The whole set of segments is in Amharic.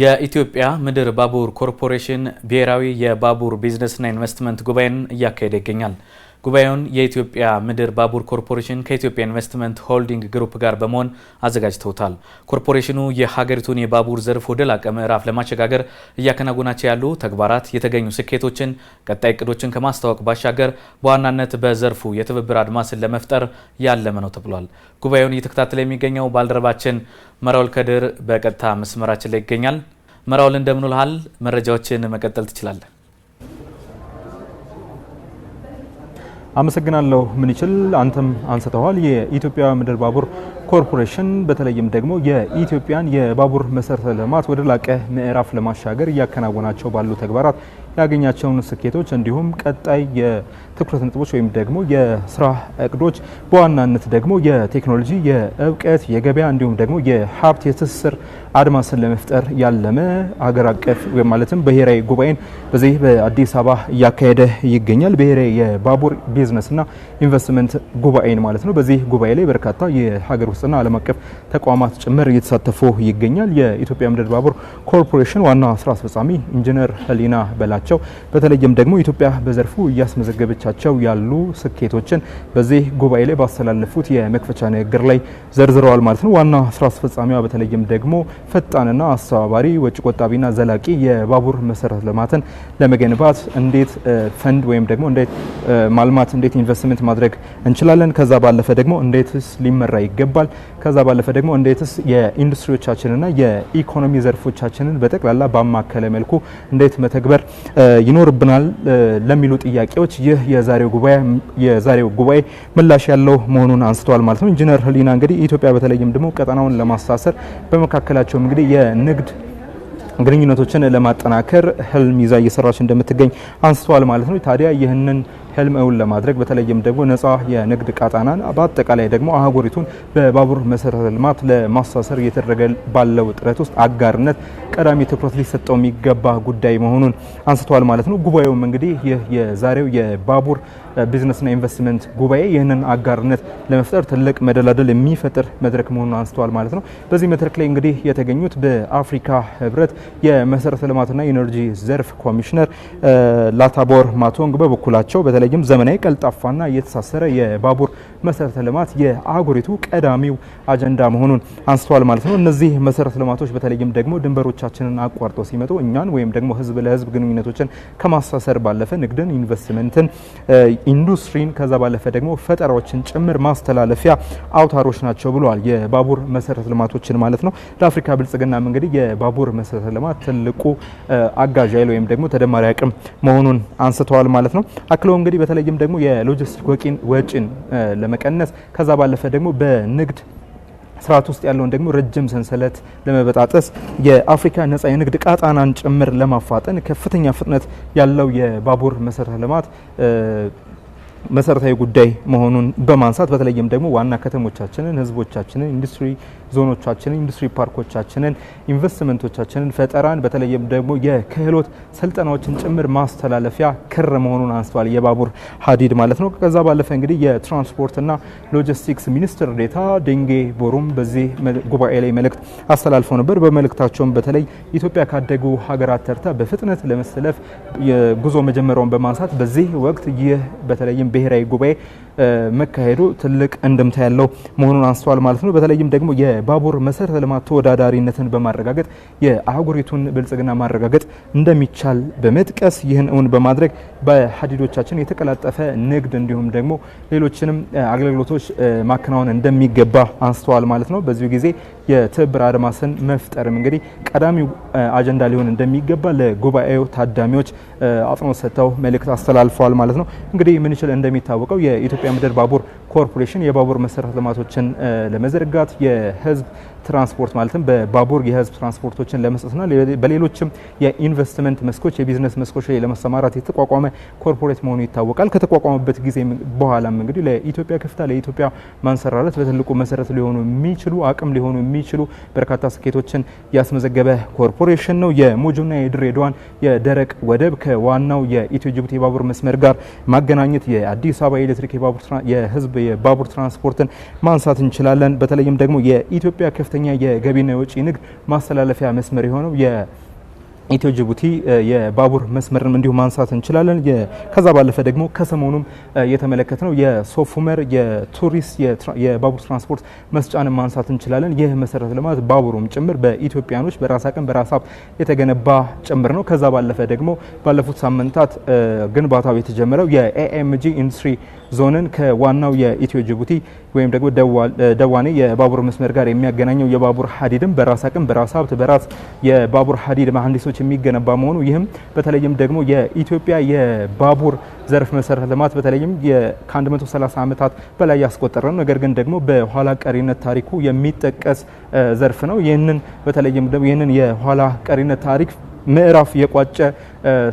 የኢትዮጵያ ምድር ባቡር ኮርፖሬሽን ብሔራዊ የባቡር ቢዝነስና ኢንቨስትመንት ጉባኤን እያካሄደ ይገኛል። ጉባኤውን የኢትዮጵያ ምድር ባቡር ኮርፖሬሽን ከኢትዮጵያ ኢንቨስትመንት ሆልዲንግ ግሩፕ ጋር በመሆን አዘጋጅተውታል። ኮርፖሬሽኑ የሀገሪቱን የባቡር ዘርፍ ወደ ላቀ ምዕራፍ ለማሸጋገር እያከናወናቸው ያሉ ተግባራት፣ የተገኙ ስኬቶችን፣ ቀጣይ እቅዶችን ከማስታወቅ ባሻገር በዋናነት በዘርፉ የትብብር አድማስን ለመፍጠር ያለመ ነው ተብሏል። ጉባኤውን እየተከታተለ የሚገኘው ባልደረባችን መራውል ከድር በቀጥታ መስመራችን ላይ ይገኛል። መራውል እንደምንልሃል፣ መረጃዎችን መቀጠል ትችላለን። አመሰግናለሁ ምንችል አንተም አንስተዋል። የኢትዮጵያ ምድር ባቡር ኮርፖሬሽን በተለይም ደግሞ የኢትዮጵያን የባቡር መሰረተ ልማት ወደ ላቀ ምዕራፍ ለማሻገር እያከናወናቸው ባሉ ተግባራት ያገኛቸውን ስኬቶች እንዲሁም ቀጣይ የትኩረት ነጥቦች ወይም ደግሞ የስራ እቅዶች በዋናነት ደግሞ የቴክኖሎጂ፣ የእውቀት፣ የገበያ እንዲሁም ደግሞ የሀብት የትስስር አድማስን ለመፍጠር ያለመ ሀገር አቀፍ ማለትም ብሔራዊ ጉባኤን በዚህ በአዲስ አበባ እያካሄደ ይገኛል። ብሔራዊ የባቡር ቢዝነስና ኢንቨስትመንት ጉባኤን ማለት ነው። በዚህ ጉባኤ ላይ በርካታ የሀገር ቅርጽና ዓለም አቀፍ ተቋማት ጭምር እየተሳተፉ ይገኛል። የኢትዮጵያ ምድር ባቡር ኮርፖሬሽን ዋና ስራ አስፈጻሚ ኢንጂነር ህሊና በላቸው በተለይም ደግሞ ኢትዮጵያ በዘርፉ እያስመዘገበቻቸው ያሉ ስኬቶችን በዚህ ጉባኤ ላይ ባስተላለፉት የመክፈቻ ንግግር ላይ ዘርዝረዋል ማለት ነው። ዋና ስራ አስፈጻሚዋ በተለይም ደግሞ ፈጣንና አስተባባሪ ወጪ ቆጣቢና ዘላቂ የባቡር መሰረተ ልማትን ለመገንባት እንዴት ፈንድ ወይም ደግሞ እንዴት ማልማት እንዴት ኢንቨስትመንት ማድረግ እንችላለን፣ ከዛ ባለፈ ደግሞ እንዴትስ ሊመራ ይገባል፣ ከዛ ባለፈ ደግሞ እንዴትስ የኢንዱስትሪዎቻችንና የኢኮኖሚ ዘርፎቻችንን በጠቅላላ ባማከለ መልኩ እንዴት መተግበር ይኖርብናል ለሚሉ ጥያቄዎች ይህ የዛሬው ጉባኤ ምላሽ ያለው መሆኑን አንስተዋል ማለት ነው። ኢንጂነር ህሊና እንግዲህ ኢትዮጵያ በተለይም ደግሞ ቀጠናውን ለማሳሰር በመካከላቸውም እንግዲህ የንግድ ግንኙነቶችን ለማጠናከር ህልም ይዛ እየሰራች እንደምትገኝ አንስተዋል ማለት ነው። ታዲያ ይህንን እውን ለማድረግ በተለይም ደግሞ ነጻ የንግድ ቀጣናን በአጠቃላይ ደግሞ አህጉሪቱን በባቡር መሰረተ ልማት ለማሳሰር እየተደረገ ባለው ጥረት ውስጥ አጋርነት ቀዳሚ ትኩረት ሊሰጠው የሚገባ ጉዳይ መሆኑን አንስተዋል ማለት ነው። ጉባኤውም እንግዲህ ይህ የዛሬው የባቡር ቢዝነስና ኢንቨስትመንት ጉባኤ ይህንን አጋርነት ለመፍጠር ትልቅ መደላደል የሚፈጥር መድረክ መሆኑን አንስተዋል ማለት ነው። በዚህ መድረክ ላይ እንግዲህ የተገኙት በአፍሪካ ህብረት የመሰረተ ልማትና ኢነርጂ ዘርፍ ኮሚሽነር ላታቦር ማቶንግ በበኩላቸው በተለይ በተለይም ዘመናዊ ቀልጣፋና እየተሳሰረ የባቡር መሰረተ ልማት የአህጉሪቱ ቀዳሚው አጀንዳ መሆኑን አንስተዋል ማለት ነው። እነዚህ መሰረተ ልማቶች በተለይም ደግሞ ድንበሮቻችንን አቋርጠው ሲመጡ እኛን ወይም ደግሞ ህዝብ ለህዝብ ግንኙነቶችን ከማሳሰር ባለፈ ንግድን፣ ኢንቨስትመንትን፣ ኢንዱስትሪን ከዛ ባለፈ ደግሞ ፈጠራዎችን ጭምር ማስተላለፊያ አውታሮች ናቸው ብለዋል። የባቡር መሰረተ ልማቶችን ማለት ነው። ለአፍሪካ ብልጽግናም እንግዲህ የባቡር መሰረተ ልማት ትልቁ አጋዥ ኃይል ወይም ደግሞ ተደማሪ አቅም መሆኑን አንስተዋል ማለት ነው። አክለው እንግዲህ በተለይም ደግሞ የሎጂስቲክ ወጪን ለመቀነስ ከዛ ባለፈ ደግሞ በንግድ ስርዓት ውስጥ ያለውን ደግሞ ረጅም ሰንሰለት ለመበጣጠስ የአፍሪካ ነጻ የንግድ ቃጣናን ጭምር ለማፋጠን ከፍተኛ ፍጥነት ያለው የባቡር መሰረተ ልማት መሰረታዊ ጉዳይ መሆኑን በማንሳት በተለይም ደግሞ ዋና ከተሞቻችንን፣ ህዝቦቻችንን፣ ኢንዱስትሪ ዞኖቻችንን፣ ኢንዱስትሪ ፓርኮቻችንን፣ ኢንቨስትመንቶቻችንን፣ ፈጠራን በተለይም ደግሞ የክህሎት ስልጠናዎችን ጭምር ማስተላለፊያ ክር መሆኑን አንስተዋል። የባቡር ሀዲድ ማለት ነው። ከዛ ባለፈ እንግዲህ የትራንስፖርትና ሎጂስቲክስ ሚኒስትር ዴታ ደንጌ ቦሩም በዚህ ጉባኤ ላይ መልእክት አስተላልፈው ነበር። በመልእክታቸውም በተለይ ኢትዮጵያ ካደጉ ሀገራት ተርታ በፍጥነት ለመሰለፍ ጉዞ መጀመሪያውን በማንሳት በዚህ ወቅት ይህ በተለይም ብሔራዊ ጉባኤ መካሄዱ ትልቅ እንድምታ ያለው መሆኑን አንስተዋል ማለት ነው። በተለይም ደግሞ የባቡር መሰረተ ልማት ተወዳዳሪነትን በማረጋገጥ የአህጉሪቱን ብልጽግና ማረጋገጥ እንደሚቻል በመጥቀስ ይህን እውን በማድረግ በሀዲዶቻችን የተቀላጠፈ ንግድ እንዲሁም ደግሞ ሌሎችንም አገልግሎቶች ማከናወን እንደሚገባ አንስተዋል ማለት ነው። በዚሁ ጊዜ የትብብር አድማስን መፍጠርም እንግዲህ ቀዳሚው አጀንዳ ሊሆን እንደሚገባ ለጉባኤው ታዳሚዎች አጽንኦት ሰጥተው መልእክት አስተላልፈዋል ማለት ነው። እንግዲህ ምንችል እንደሚታወቀው የኢትዮጵያ আমাদের বাবুর ኮርፖሬሽን የባቡር መሰረተ ልማቶችን ለመዘርጋት የህዝብ ትራንስፖርት ማለትም በባቡር የህዝብ ትራንስፖርቶችን ለመስጠትና በሌሎችም የኢንቨስትመንት መስኮች የቢዝነስ መስኮች ላይ ለመሰማራት የተቋቋመ ኮርፖሬት መሆኑ ይታወቃል። ከተቋቋመበት ጊዜ በኋላም እንግዲህ ለኢትዮጵያ ከፍታ ለኢትዮጵያ ማንሰራረት በትልቁ መሰረት ሊሆኑ የሚችሉ አቅም ሊሆኑ የሚችሉ በርካታ ስኬቶችን ያስመዘገበ ኮርፖሬሽን ነው። የሞጆና የድሬዳዋን የደረቅ ወደብ ከዋናው የኢትዮ ጅቡቲ የባቡር መስመር ጋር ማገናኘት፣ የአዲስ አበባ የኤሌክትሪክ የባቡር የህዝብ የባቡር ትራንስፖርትን ማንሳት እንችላለን። በተለይም ደግሞ የኢትዮጵያ ከፍተኛ የገቢና የወጪ ንግድ ማስተላለፊያ መስመር የሆነው ኢትዮ ጅቡቲ የባቡር መስመርን እንዲሁ ማንሳት እንችላለን። ከዛ ባለፈ ደግሞ ከሰሞኑም የተመለከት ነው የሶፍ ዑመር የቱሪስት የባቡር ትራንስፖርት መስጫንም ማንሳት እንችላለን። ይህ መሰረተ ልማት ባቡሩም ጭምር በኢትዮጵያኖች በራስ አቅም በራስ ሀብ የተገነባ ጭምር ነው። ከዛ ባለፈ ደግሞ ባለፉት ሳምንታት ግንባታው የተጀመረው የኤኤምጂ ኢንዱስትሪ ዞንን ከዋናው የኢትዮ ጅቡቲ ወይም ደግሞ ደዋኔ የባቡር መስመር ጋር የሚያገናኘው የባቡር ሀዲድም በራስ አቅም በራስ ሀብት በራስ የባቡር ሀዲድ መሀንዲሶች የሚገነባ መሆኑ ይህም በተለይም ደግሞ የኢትዮጵያ የባቡር ዘርፍ መሰረተ ልማት በተለይም ከ130 ዓመታት በላይ ያስቆጠረ ነው። ነገር ግን ደግሞ በኋላ ቀሪነት ታሪኩ የሚጠቀስ ዘርፍ ነው። ይህንን በተለይም ደግሞ ይህንን የኋላ ቀሪነት ታሪክ ምዕራፍ የቋጨ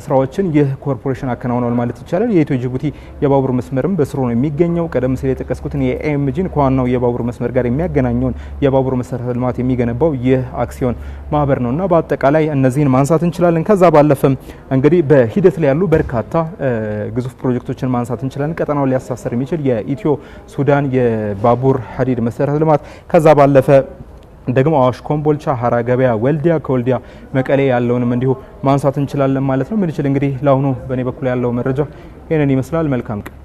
ስራዎችን ይህ ኮርፖሬሽን አከናውኗል ማለት ይቻላል። የኢትዮ ጅቡቲ የባቡር መስመርም በስሩ ነው የሚገኘው። ቀደም ሲል የጠቀስኩትን የኤምጂን ከዋናው የባቡር መስመር ጋር የሚያገናኘውን የባቡር መሰረተ ልማት የሚገነባው ይህ አክሲዮን ማህበር ነው እና በአጠቃላይ እነዚህን ማንሳት እንችላለን። ከዛ ባለፈም እንግዲህ በሂደት ላይ ያሉ በርካታ ግዙ ግዙፍ ፕሮጀክቶችን ማንሳት እንችላለን። ቀጠናውን ሊያሳሰር የሚችል የኢትዮ ሱዳን የባቡር ሀዲድ መሰረተ ልማት ከዛ ባለፈ ደግሞ አዋሽ፣ ኮምቦልቻ፣ ሀራ ገበያ፣ ወልዲያ፣ ከወልዲያ መቀሌ ያለውንም እንዲሁ ማንሳት እንችላለን ማለት ነው። ምንችል እንግዲህ ለአሁኑ በእኔ በኩል ያለው መረጃ ይህንን ይመስላል። መልካም ቀን